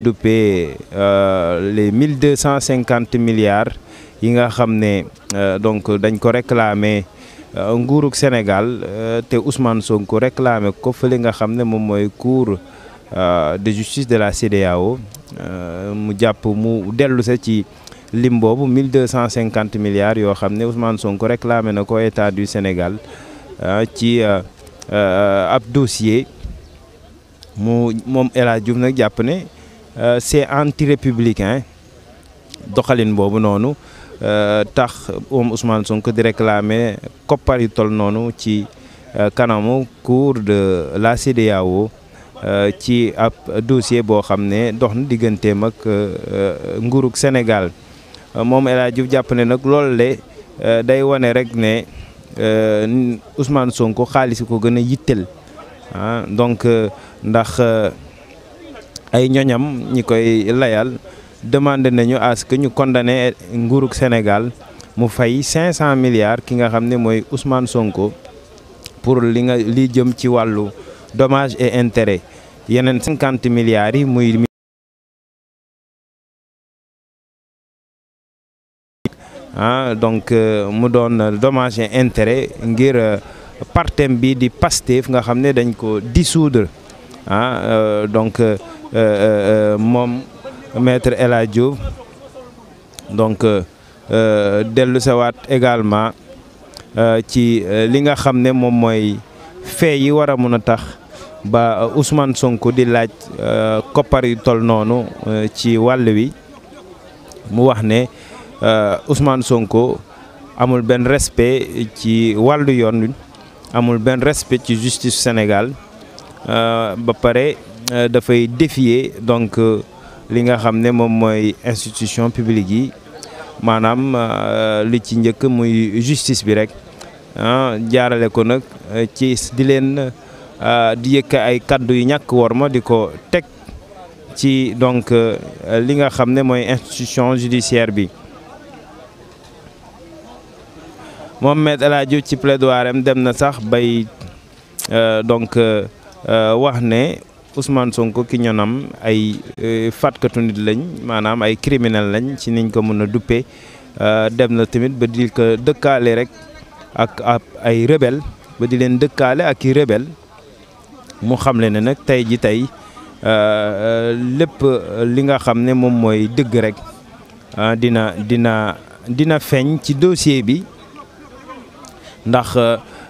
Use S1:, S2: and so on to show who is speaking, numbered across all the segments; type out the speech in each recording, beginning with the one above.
S1: duppee euh, les mille deux cent milliards yi nga xamné euh, donc dañ ko réclamer euh, nguurug Sénégal euh, té Ousmane Sonko réclamer ko fële nga xamné mom moy cour cour de justice de la CEDEAO mu japp mu dellu sé ci lim boobu 1250 milliards yo xamné Ousmane Sonko réclamer na ko état du Sénégal ci ab dossier mu mom El Hadj Diouf nag jàpp Euh, c'est anti-républicain doxalin boobu noonu euh, tax moom Ousmane Sonko di réclamer koppar yu tol noonu ci euh, kanamu cour de la CEDEAO ci ab dossier boo xam ne dox na digganteem ak nguurug Sénégal moom El jàpp ne nag loolu day wane rek ne Ousmane Sonko xaalis ko gën a yitteel ah donc ndax. ay ñoñam ñikoy layal demander nañu à ce que ñu condamner nguruk Sénégal mu fay 500 milliards ki nga xamné moy Ousmane Sonko pour li nga li jëm ci walu dommage et intérêt yenen 50 milliards yi muy ah donc euh, mu don dommage et intérêt ngir euh, partem bi di Pastef nga xamné dañ ko dissoudre Hein, euh, donc euh, euh, mon maître donc dellu également ci li nga xamné yi a ba Ousmane Sonko di laaj copar yu tol ci mu wax ne Ousmane Sonko amul ben respect ci a amul respect justice Sénégal euh, ba pare euh, dafay défier donc euh, li nga xam ne moom institution publique yi maanaam li ci ñëk muy justice bi rek ah, jaarale ko nak ci di leen di yëkk ay kaddu yu ñak worma diko tek ci donc li nga xamné moy institution judiciaire bi moom Me El Hadji ci plaidoirem dem na sax bay donc Euh, wax ne Ousmane Sonko ki ñonam ay euh, fàtkatu nit lañ maanaam ay criminel lañ ci niñ ko mën a duppee euh, dem na tamit ba di ko dëkkaale rek ak ab ay rebelle ba di leen dëkkaale ak i rebelle mu xamle ne nag tey ji tey lépp li nga xam ne moom mooy dëgg rek ah, dina dina dina feeñ ci dossier bi ndax.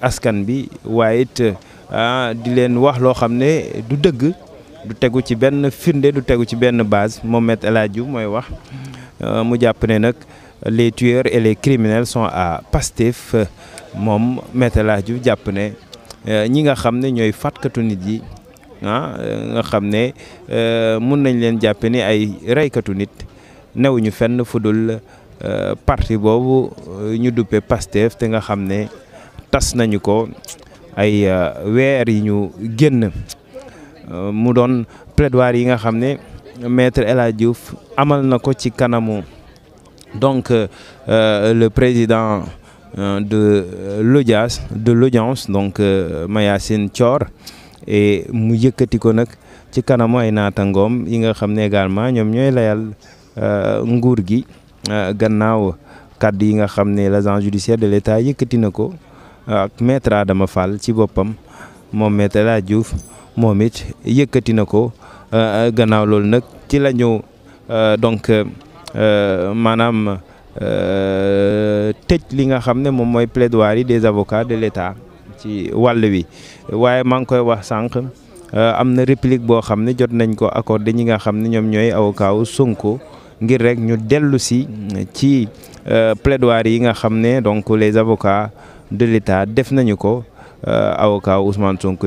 S1: askan bi waye it ah, di len wax lo xamne du deug du teggu ci ben finde du teggu ci ben base momet Maître El Hadji wax euh, mu jàpp ne les tueurs et les criminels sont à Pastef mom met El Hadji ne euh, ñi nga xamne ñoy ñooy nit yi ah, nga xamne euh, nañ len ay nit newuñu fenn fudul parti bobu ñu duppe Pastef te nga xamne tas nañu ko ay euh, weer yi ñu génn euh, mu doon plaidoirie yi nga xam ne maître El Hadj Diouf amal na ko ci kanamu donc euh, le président de l'audience de l'audience donc Mayacine coor et mu yëkkati ko nag ci kanamu ay naatangoom yi nga xam ne également ñoom ñooy layal nguur gi gannaaw kàddu yi nga xam ne l'agent judiciaire de l'État yëkkati na ko ak maître dama Fall ci boppam moom maître El moom it yëkkati na ko euh, euh, gannaaw loolu nag ci la ñu euh, donc maanaam tëj li nga xam ne moom mooy plaidoirie des avocats de l'État ci wàll wi waaye maa ngi koy wax sànq am na réplique boo xam ne jot nañ ko accordé ñi nga xam ne ñoom ñooy avocat wu ngir rek ñu dellu si ci plaidoirie yi nga xam ne donc les avocats de l'État def nañu ko euh, avocat Ousmane Sonko